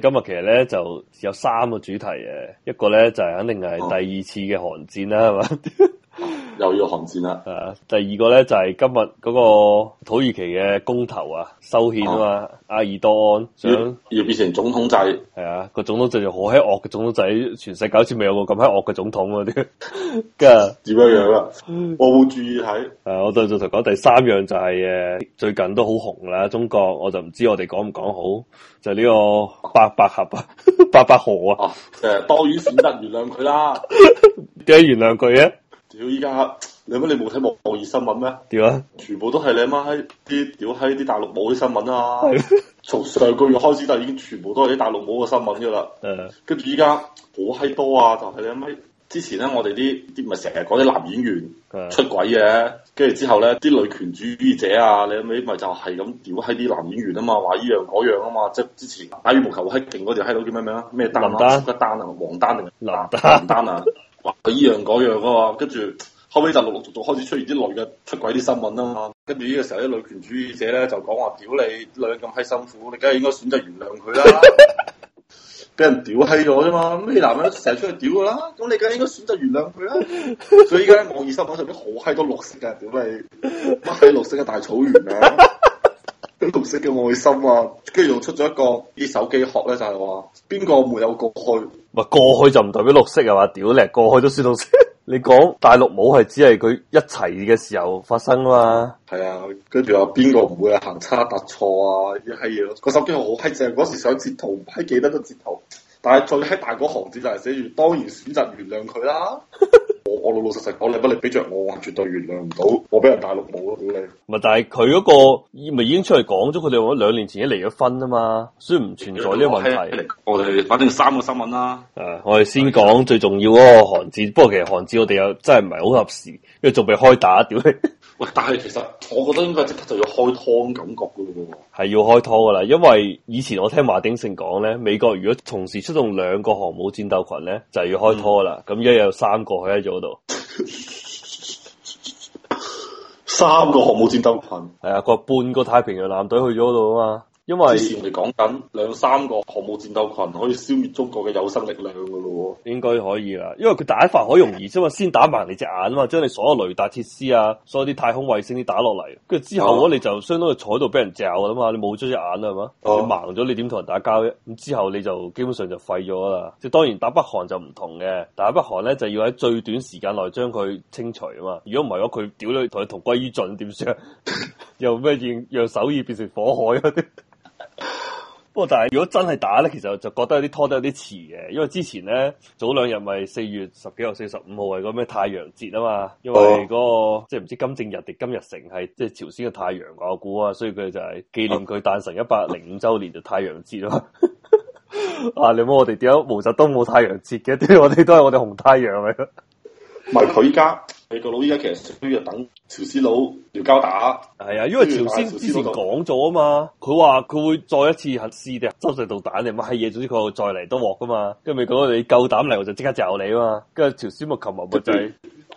今日其實咧就有三個主題嘅，一個咧就係肯定係第二次嘅韓戰啦，係嘛？ 又要韓戰啦，第二個咧就係、是、今日嗰個土耳其嘅公投啊，修憲啊嘛，啊阿爾多安要，要變成總統制，係啊個總統制就好黑惡嘅總統制。全世界好似未有個咁黑惡嘅總統嗰、啊、啲，跟住點樣樣啦？ 我會注意睇。誒、啊，我對住頭講第三樣就係、是、誒，最近都好紅啦，中國我就唔知我哋講唔講好，就呢、是、個白百何啊，白百何啊，誒、啊，多於選得原諒， 原諒佢啦，點解原諒佢啊？屌！依家你乜你冇睇網易新聞咩？屌啊樣？全部都係你阿媽喺啲屌喺啲大陸冇啲新聞啦、啊。從嗎上個月開始就已經全部都係啲大陸冇嘅新聞噶啦。誒是的，跟住依家好閪多啊！就係、是、你阿媽之前咧，我哋啲啲咪成日講啲男演員是的 出軌嘅。跟住之後咧，啲女權主義者啊，你阿媽咪咪就係咁屌喺啲男演員啊嘛，話依樣嗰樣啊嘛。即係之前打羽毛球閪勁嗰條閪佬叫咩名啊？咩單丹？林丹啊，黃丹定林林丹啊？ 佢依樣嗰樣啊嘛，跟住後尾就陸陸續續開始出現啲女嘅出軌啲新聞啊嘛，跟住呢個時候啲女權主義者咧就講話屌你，女人咁閪辛苦，你梗係應該選擇原諒佢啦，俾 人屌閪咗啫嘛，咁你男人成日出去屌噶啦，咁你梗係應該選擇原諒佢啦，所以依家喺網易新聞上邊好閪多綠色嘅，人屌你乜係綠色嘅大草原啊！綠色嘅愛心啊，跟住又出咗一個啲手機殼咧，就係話邊個沒有過去，唔係過去就唔代表綠色啊嘛，屌你過去都算綠色。 你講大陸冇係只係佢一齊嘅時候發生啊嘛？係啊，跟住話邊個唔會係行差踏錯啊？一係嘢個手機殼好嗨正，嗰時想截圖，嗨記得都截圖，但係最嗨大個行字就係寫住當然選擇原諒佢啦。 我老老實實講，你不你俾着我，我絕對原諒唔到。我俾人大綠帽咯，你咪但係佢嗰個，咪已經出嚟講咗，佢哋話兩年前已經離咗婚啊嘛，所以唔存在呢個問題。我哋反正三個新聞啦。誒、嗯，我哋先講最重要嗰個韓戰。的不過其實韓戰我哋又真係唔係好合時，因為仲未開打。屌你！喂，但係其實我覺得應該即刻就要開拖感覺噶啦喎。係要開拖噶啦，因為以前我聽華鼎盛講咧，美國如果同時出動兩個航母戰鬥群咧，就要開拖噶啦。咁一日有三個喺咗度。 三個航母戰鬥群，係啊、哎，個半個太平洋艦隊去咗嗰度啊嘛。因為我哋講緊兩三個航母戰鬥群可以消滅中國嘅有生力量噶咯，應該可以啦。因為佢打一發好容易，即係先打埋你隻眼啊嘛，將你所有雷達設施啊，所有啲太空衛星啲打落嚟，跟住之後你就相當於坐喺度俾人罩啊嘛，你冇咗隻眼啦係嘛，盲咗、啊、你點同人打交啫？咁之後你就基本上就廢咗啦。即當然打北韓就唔同嘅，打北韓咧就要喺最短時間內將佢清除啊嘛。如果唔係，佢屌你同，同佢同歸於盡點算？又咩讓讓首爾變成火海嗰啲？ 不過但係如果真係打咧，其實就覺得有啲拖得有啲遲嘅，因為之前咧早兩日咪四月十幾號四十五號係個咩太陽節啊嘛，因為嗰、那個、oh. 即係唔知金正日定金日成係即係朝鮮嘅太陽啊，我估啊，所以佢就係紀念佢誕辰一百零五周年就太陽節 啊，啊你冇我哋點解毛澤東冇太陽節嘅，啲 我哋都係我哋紅太陽嚟，唔係佢家。 美國佬依家其實追住等朝鮮佬要交打，係啊，因為朝鮮之前講咗啊嘛，佢話佢會再一次核試嘅，洲際導彈你乜閪嘢，總之佢再嚟都獲噶嘛，跟住咪講你夠膽嚟，我就即刻就你嘛，跟住朝鮮咪琴日咪就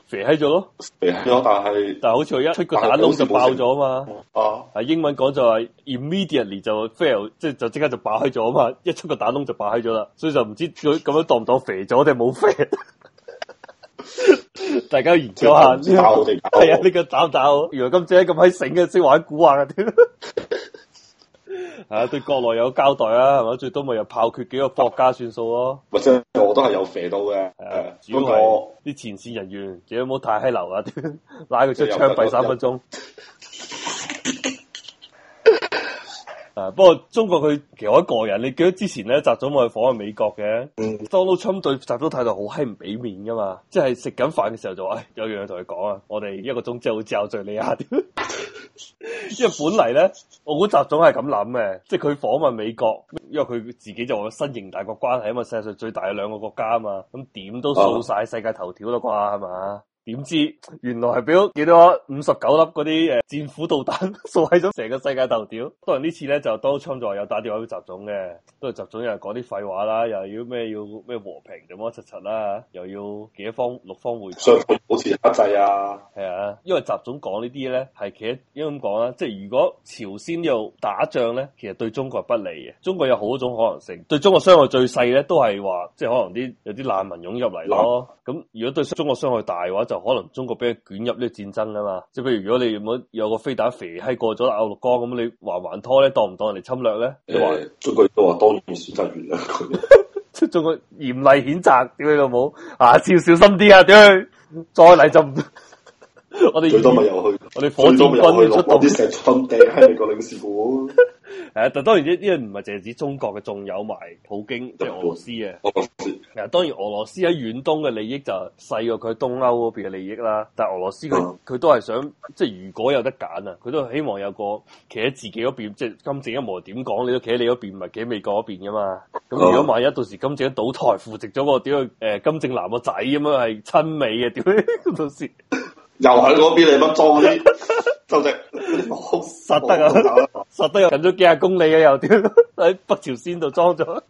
肥喺咗咯，肥閪，但係但係好似佢一出個彈窿就爆咗啊嘛，啊，喺英文講就係 immediately 就 fail，即係就即刻就，就爆開咗啊嘛，一出個彈窿就爆開咗啦，所以就唔知佢咁樣當唔當肥咗定冇 fail。 大家研究下，打唔打？係啊，呢、這個打唔打？原來金姐咁閪醒嘅，識玩古惑啊！點係啊？對國內有交代啊？係咪？最多咪又炮決幾個國家算數咯？唔係，我都係有射到嘅。誒， 主要係啲前線人員，如果冇太嗨流啊， 拉佢出槍斃三分鐘。誒、啊，不過中國佢其實我一個人，你記得之前咧習總去訪問美國嘅，Donald Trump 對習總態度好閪唔俾面噶嘛，即係食緊飯嘅時候就話、哎、有樣嘢同佢講啊，我哋一個鐘之後之後再你啊， 因為本嚟咧，我估習總係咁諗嘅，即係佢訪問美國，因為佢自己就話新型大國關係啊嘛，世界上最大嘅兩個國家啊嘛，咁點都掃晒世界頭條啦啩，係嘛、嗯？點知原來係俾到幾多五十九粒嗰啲，誒戰斧導彈掃喺咗成個世界頭條。可能呢次咧就都川普有打電話俾習總嘅，都係習總有人講啲廢話啦，又要咩要咩和平，乜乜柒柒啦，又要幾方六方會談，好似壓制啊。係啊，因為習總講呢啲咧係其實應該咁講啦，即係如果朝鮮又打仗咧，其實對中國不利嘅。中國有好多種可能性，對中國傷害最細咧都係話即係可能啲有啲難民湧入嚟咯。咁難如果對中國傷害大嘅話就。可能中國俾佢捲入呢啲戰爭啊嘛，即係譬如如果你冇有個飛彈肥閪過咗鴨綠江咁，你還還拖咧，當唔當人哋侵略咧？你話中國都話當然選擇原諒佢，即做個嚴厲譴責點樣又冇啊？要小心啲啊！點再嚟就唔， 我哋以最多咪又去，我哋火箭軍落啲石舂掟喺美國領事館。誒，但當然呢啲唔係淨係指中國嘅，仲有埋普京即係俄羅斯啊。啊，當然俄羅斯喺遠東嘅利益就細過佢東歐嗰邊嘅利益啦。但係俄羅斯佢佢都係想，嗯、即係如果有得揀啊，佢都係希望有個企喺自己嗰邊，即係金正恩無論點講，你都企喺你嗰邊，唔係企喺美國嗰邊噶嘛。咁如果萬一到時金正恩倒台，扶植咗個屌誒金正男個仔咁樣係親美嘅，屌啊？到時又喺嗰邊你乜裝啲？ 收息，實得啊！實得又行咗幾廿公里嘅又點喺北朝鮮度裝咗？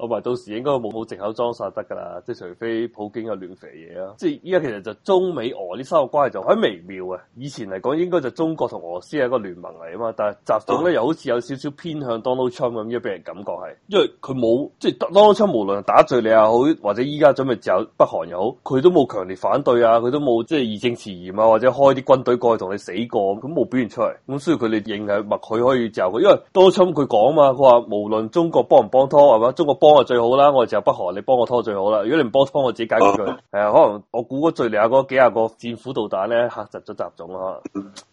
我話到時應該冇冇藉口裝晒得㗎啦，即係除非普京有亂肥嘢啊！即係依家其實就中美俄呢三個關係就好微妙啊。以前嚟講應該就中國同俄羅斯係一個聯盟嚟啊嘛，但係習總咧又好似有少少偏向 Donald Trump 咁，而俾人感覺係，因為佢冇即係 Donald Trump 無論打敍你又好，或者依家準備炸北韓又好，佢都冇強烈反對啊，佢都冇即係義正辭嚴啊，或者開啲軍隊過去同你死過咁，冇表現出嚟，咁所以佢哋認係默許可以炸佢，因為 Donald Trump 佢講啊嘛，佢話無論中國幫唔幫拖係嘛，中國幫。幫我最好啦，我就北韓，你幫我拖我最好啦。如果你唔幫幫我自己解決佢，係啊，可能我估嗰敘利亞嗰幾十個戰斧導彈咧吓窒咗雜種啦。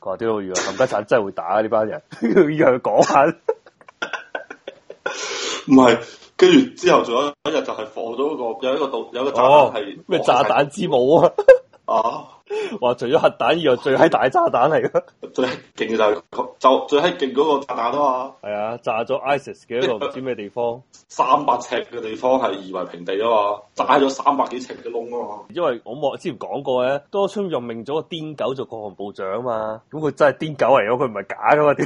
哇，屌！原來冚家產真係會打呢、啊、班人，依樣講下，唔 係 ，跟住之後仲有一日就係放咗一、那個有一個導有一個炸彈係咩炸彈之母啊。 話除咗核彈以外，最閪大炸彈嚟噶，最勁就係，就最閪勁嗰個炸彈啊嘛，係啊，炸咗 ISIS 嘅一個唔 知咩地方，三百尺嘅地方係夷為平地啊嘛，炸咗三百幾尺嘅窿啊嘛，因為我冇之前講過咧，多春任命咗個癲狗做國防部長啊嘛，咁佢真係癲狗嚟咯，佢唔係假噶嘛，屌，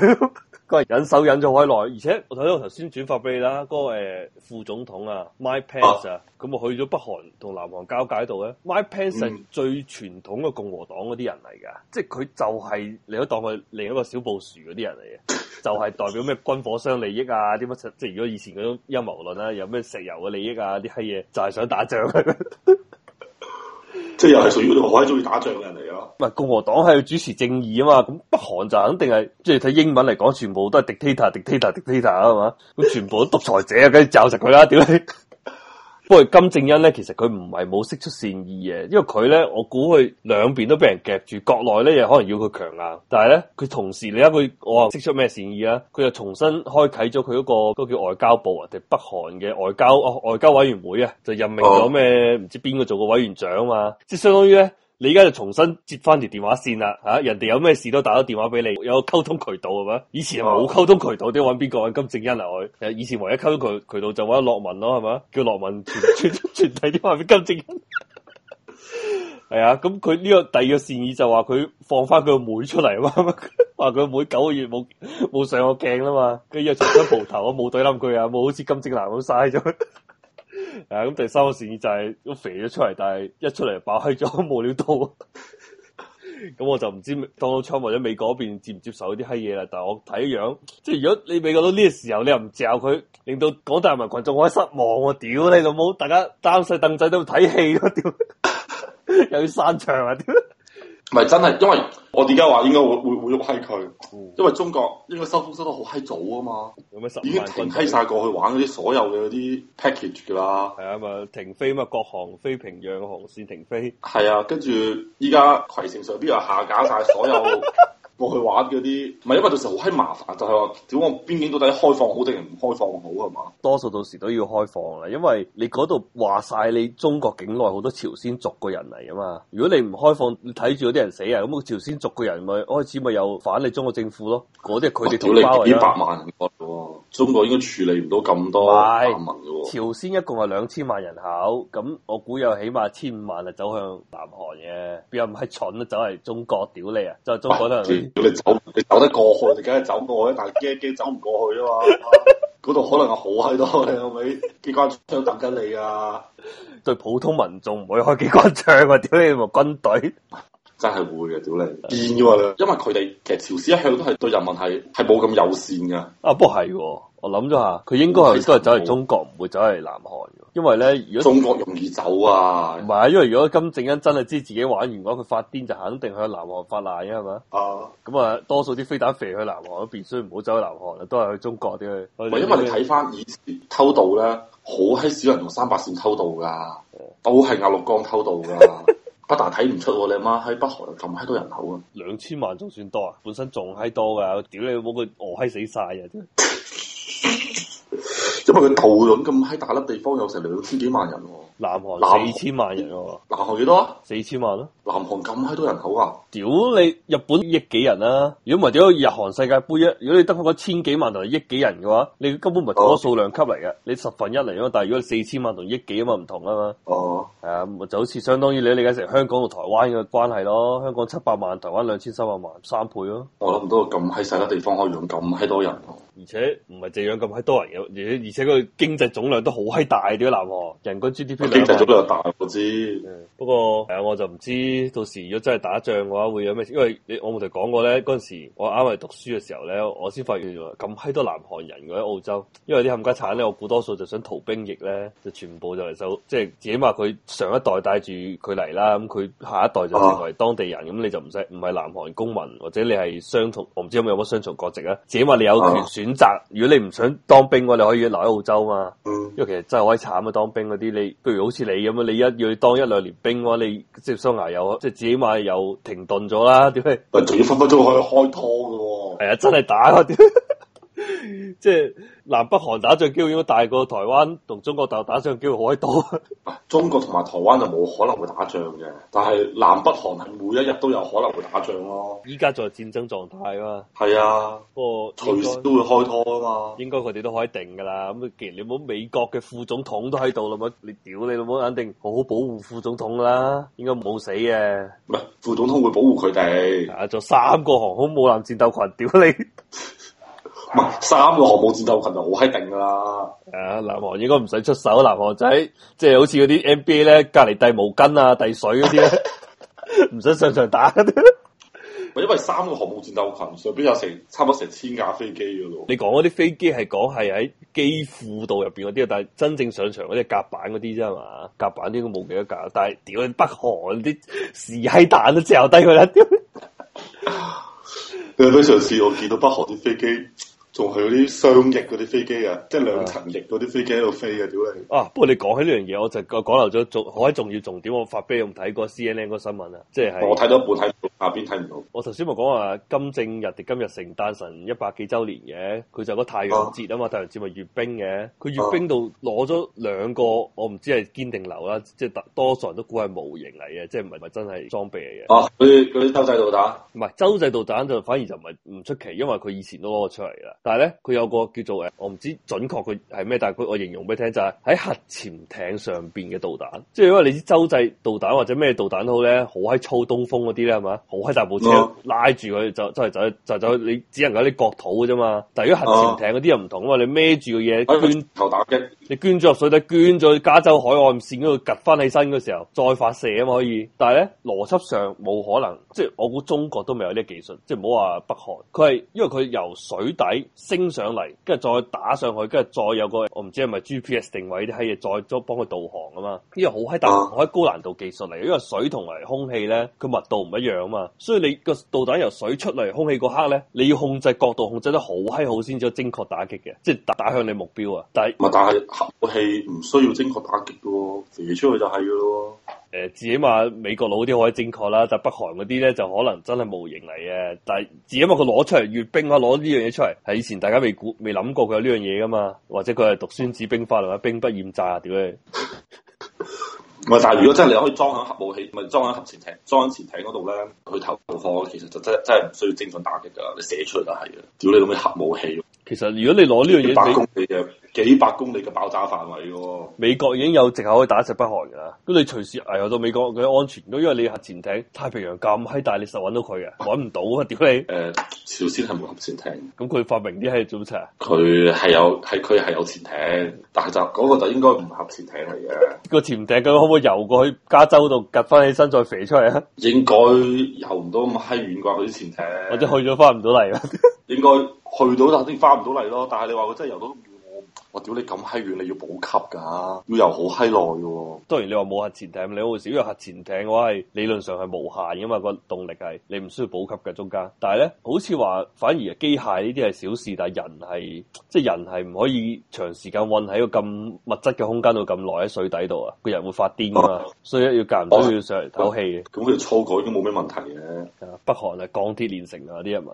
佢 係忍手忍咗好閪耐，而且我睇到我頭先轉發俾你啦，嗰、嗰個誒、欸、副總統啊，Mike Pence 啊，咁啊我去咗北韓同南韓交界度咧，Mike Pence 係最傳統嘅共和黨嗰啲人嚟噶，即係佢就係你可當佢另一個小布殊嗰啲人嚟嘅， 就係代表咩軍火商利益啊，啲乜即係如果以前嗰種陰謀論啊，有咩石油嘅利益啊，啲閪嘢就係想打仗，啊， 即係又係屬於好中意打仗嘅人嚟，啊、咯。唔係共和黨係要主持正義啊嘛，咁北韓就肯定係即係睇英文嚟講，全部都係 dictator dictator dictator 係嘛，咁 全部都獨裁者，跟住斬實佢啦屌你！ 不過金正恩咧，其實佢唔係冇釋出善意嘅，因為佢咧，我估佢兩邊都俾人夾住，國內咧又可能要佢強硬，但係咧佢同時你睇佢，我話釋出咩善意啊？佢又重新開啟咗佢嗰個都、嗰個，叫外交部啊，定北韓嘅外交哦外交委員會啊，就任命咗咩唔知邊個做個委員長啊嘛，即係相當於咧。你而家就重新接翻條電話線啦，吓、啊、人哋有咩事都打咗電話俾你，有個溝通渠道係嘛？以前冇溝通渠道，啲揾邊個揾金正恩啊佢，以前唯一溝通渠渠道就揾洛文咯，係嘛？叫洛文傳傳傳遞啲話俾金正恩。係 啊，咁佢呢個第二個善意就話佢放翻佢妹，妹出嚟，話佢 妹九個月冇冇上過鏡啦嘛，跟住又重新蒲頭，冇懟冧佢啊，冇好似金正男咁嘥咗。 誒，咁、啊、第三個事就係都肥咗出嚟，但係一出嚟爆開咗，冇料到。咁、 嗯、我就唔知當勞侵或者美國嗰邊接唔接受呢啲閪嘢啦。但係我睇樣，即係如果你美國佬呢個時候你又唔嚼佢，令到廣大人民群眾好失望、啊。我屌你老母，大家擔晒凳仔都睇戲、啊，屌又要散場啊屌！ 唔係真係，因為我點解話應該會會會喐閪佢？嗯、因為中國應該收風收得好閪早啊嘛，有咩已經停批晒過去玩嗰啲所有嘅嗰啲 package 㗎啦。係啊嘛，停飛嘛，各航飛平壤航線停飛。係啊，跟住依家攜程上邊又下架晒所有。 過去玩嗰啲，唔係因為到時好閪麻煩，就係、是、話，屌我邊境到底開放好定係唔開放好係嘛？多數到時都要開放啦，因為你嗰度話晒你中國境內好多朝鮮族嘅人嚟啊嘛。如果你唔開放，你睇住嗰啲人死啊，咁個朝鮮族嘅人咪開始咪有反你中國政府咯。嗰啲係佢哋。屌你、啊、幾百萬個喎，中國應該處理唔到咁多萬民嘅喎。朝鮮一共係兩千萬人口，咁我估有起碼千萬啊走向南韓嘅，邊有咁閪蠢啊走嚟中國屌你啊，就係中國人。哎你走，你走得過去，你梗係走過去，但係驚驚走唔過去啊嘛，嗰度 可能係好閪多，你有冇機關槍等緊你啊？ 對普通民眾唔會開機關槍啊？屌你， 你，咪軍隊真係會嘅，屌你，變咗啦，因為佢哋其實朝鮮一向都係對人民係係冇咁友善噶。啊，不過係。我諗咗下，佢應該係都係走嚟中國，唔會走嚟南韓。因為咧，如果中國容易走啊，唔係啊，因為如果金正恩真係知自己玩完嗰，佢發癲就肯定去南韓發難嘅係咪？哦，咁啊，多數啲飛彈飛去南韓嗰邊，所以唔好走去南韓啦，都係去中國啲去。唔係，因為你睇翻以前偷渡咧，好閪少人用三八線偷渡噶，嗯、都係鴨綠江偷渡噶。 不但睇唔出、啊、你媽喺北韓又咁閪多人口啊，兩千萬仲算多啊，本身仲閪多噶，屌你冇個餓閪死晒啊！ 因為佢桃園咁喺大粒地方有成兩千幾萬人喎、哦，南韓四千萬人、哦、南韓幾多、啊？四千萬咯、啊，南韓咁閪多人口啊？屌你！日本億幾人啊？如果唔係屌日韓世界杯一，如果你得翻嗰千幾萬同億幾人嘅話，你根本唔係同個數量級嚟嘅，啊、你十分一嚟咯。但係如果你四千萬同億幾啊嘛唔同啊嘛。哦、啊，係啊，就好似相當於你理解成香港同台灣嘅關係咯。香港七百萬，台灣兩千三百萬，三倍咯。我諗唔到咁閪細粒地方可以養咁閪多人、啊。而且唔係淨係咁閪多人，而且而且佢經濟總量都好閪大啲，啊。南韓人均 GDP，啊、經濟總量大，啊、我知，不過係我就唔知到時如果真係打仗嘅話會有咩？因為你我冇提講過咧，嗰陣時我啱嚟讀書嘅時候咧，我先發現咁閪多南韓人喺，啊、澳洲，因為啲冚家鏟咧，我估多數就想逃兵役咧，就全部就嚟收，即、就、係、是、自己話佢上一代帶住佢嚟啦，咁佢下一代就成為當地人，咁，啊、你就唔使唔係南韓公民，或者你係相同，我唔知有冇有雙重國籍啊？自己話你有權選。啊擇，如果你唔想當兵嘅話，你可以留喺澳洲啊嘛。嗯、因為其實真係可以慘啊，當兵嗰啲，你不如好似你咁啊，你一要你當一兩年兵嘅話，你只雙牙啊，即係自己買又停頓咗啦。點解？仲要分分鐘可以開拖嘅、哦？係、哎、啊，真係打開。 即係南北韓打仗，機會應該大過台灣同中國鬥打仗機會好多？唔係，中國同埋台灣就冇可能會打仗嘅。但係南北韓係每一日都有可能會打仗咯。依家仲係戰爭狀態啊嘛，係啊，不過隨時都會開拖啊嘛。應該佢哋都可以定噶啦。咁既然你冇美國嘅副總統都喺度啦，咁你屌你老母，肯定好好保護副總統啦。應該冇死嘅，唔係副總統會保護佢哋。做、啊、三個航空母艦戰鬥群，屌你！ 三個航母戰鬥群就好閪勁噶啦，誒、啊，南韓應該唔使出手，南韓仔即係好似嗰啲 NBA 咧，隔籬遞毛巾啊，遞水嗰啲，唔使 上場打。唔 因為三個航母戰鬥群上邊有成差唔多成千架飛機噶咯，你講嗰啲飛機係講係喺機庫度入邊嗰啲，但係真正上場嗰啲甲板嗰啲啫嘛，甲板啲都冇幾多架，但係屌，北韓啲屎閪彈都嚼低佢啦。 你俾上次，我見到北韓啲飛機。仲係啲雙翼嗰啲飛機啊，即係兩層翼嗰啲飛機喺度飛啊。屌你！啊，不過你講起呢樣嘢，我就講漏咗仲好喺重要重點，我發俾你唔睇過 CNN 嗰個新聞啊，即係我睇到，冇睇到下邊睇唔到。我頭先咪講話金正日今日成誕辰一百幾周年嘅，佢就嗰個太陽節啊嘛，啊太陽節咪閲兵嘅，佢閲兵度攞咗兩個，我唔知係堅定流啦，即係多數人都估係模型嚟嘅，即係唔係話真係裝備嚟嘅。哦、啊，佢啲洲際導彈唔係洲際導彈就反而就唔係唔出奇，因為佢以前都攞咗出嚟啦。但係咧，佢有個叫做誒，我唔知準確佢係咩，但係佢我形容俾你聽就係、是、喺核潛艇上邊嘅導彈，即係因為你知洲際導彈或者咩導彈都好咧好閪操東風嗰啲咧係嘛，好閪大部車拉住佢就就就就就,就你只能夠啲國土嘅啫嘛。但係如果核潛艇嗰啲又唔同啊，嘛，你孭住嘅嘢捐頭打擊，你捐咗入水底，捐咗加州海岸線嗰度，夾翻起身嘅時候再發射啊嘛可以。但係咧邏輯上冇可能，即、就、係、是、我估中國都未有呢技術，即係唔好話北韓，佢係因為佢由水底。升上嚟，跟住再打上去，跟住再有個我唔知係咪 GPS 定位啲閪嘢，再幫佢導航啊嘛。呢個好閪大，好我喺高難度技術嚟，因為，啊、因為水同埋空氣咧，佢密度唔一樣啊嘛。所以你個導彈由水出嚟空氣嗰刻咧，你要控制角度，控制得好閪好先，先至精確打擊嘅，即係打，打向你目標啊。但係唔係，但係核武器唔需要精確打擊嘅、哦，射出去就係咯、哦。誒、呃，至起碼美國佬啲可以正確啦，但北韓嗰啲咧就可能真係模型嚟嘅。但係至起碼因為佢攞出嚟閱兵啊，攞呢樣嘢出嚟，係以前大家未估、未諗過佢有呢樣嘢噶嘛，或者佢係讀《孫子兵法》或者，兵不厭詐啊，屌你！ 但係如果真係你可以裝響核武器，咪裝響核潛艇、裝響潛艇嗰度咧佢投放，其實就真真係唔需要精準打擊噶，你射出嚟就係嘅，屌你咁嘅核武器。其實如果你攞呢樣嘢，幾百公里嘅，你幾百公里嘅爆炸範圍嘅。美國已經有直口可以打石北韓噶啦，咁你隨時危害到美國佢安全，如因為你核潛艇，太平洋咁喺大，你實揾到佢嘅，揾唔到啊？屌你！誒、呃，朝鮮係冇核潛艇。咁佢發明啲係做乜啊？佢係有，係佢係有潛艇，但係就嗰、那個就應該唔係核潛艇嚟嘅。個潛 艇佢可唔可以游過去加州度，昅翻起身再浮出嚟啊？應該游唔到咁閪遠啩，啲潛艇。 或者去咗翻唔到嚟啊？ 應該。去到但係啲翻唔到嚟咯，但係你話佢真係游到我，我屌你咁閪遠，你要補給㗎，要游好閪耐㗎。當然你話冇核潛艇，你好少有核潛艇嘅話係理論上係無限，因為個動力係你唔需要補給嘅中間。但係咧，好似話反而機械呢啲係小事，但係人係即係人係唔可以長時間韞喺一個咁物質嘅空間度咁耐喺水底度啊，個人會發癲啊嘛， 所以要隔唔到、啊、要上嚟唞氣嘅。咁佢操改都冇咩問題嘅。北韓係鋼鐵煉成啊，啲人民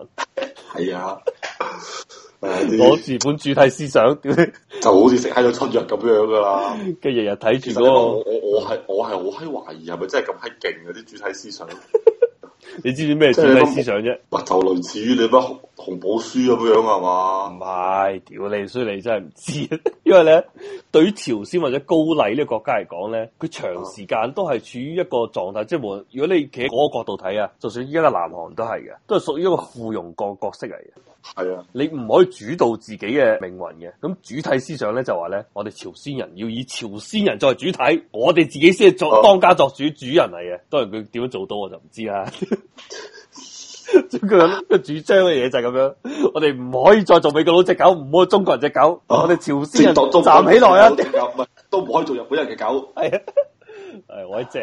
係啊。 攞住本主體思想，就好似食喺個春藥咁樣噶啦，跟住日日睇住咯。我我我係我係好閪懷疑，係咪真係咁閪勁啊？啲主體思想， 你知唔知咩主體思想啫？就類似於你乜紅寶書咁樣啊嘛？唔 係樂，屌你所以你真係唔知。因為咧，對於朝鮮或者高麗呢個國家嚟講咧，佢長時間都係處於一個狀態，即係，如果你企喺嗰個角度睇啊，就算依家個南韓都係嘅，都係屬於一個附庸國角色嚟嘅。係啊，你唔可以主導自己嘅命運嘅。咁主體思想咧就話咧，我哋朝鮮人要以朝鮮人作為主體，我哋自己先係作當家作主主人嚟嘅。當然佢點樣做到我就唔知啦、啊。佢 個主張嘅嘢，就係咁樣，我哋唔可以再做美國佬隻狗，唔可以中國人隻狗，啊、我哋朝鮮人站起來啊， 都唔可以做日本人嘅狗。係 啊，係好正。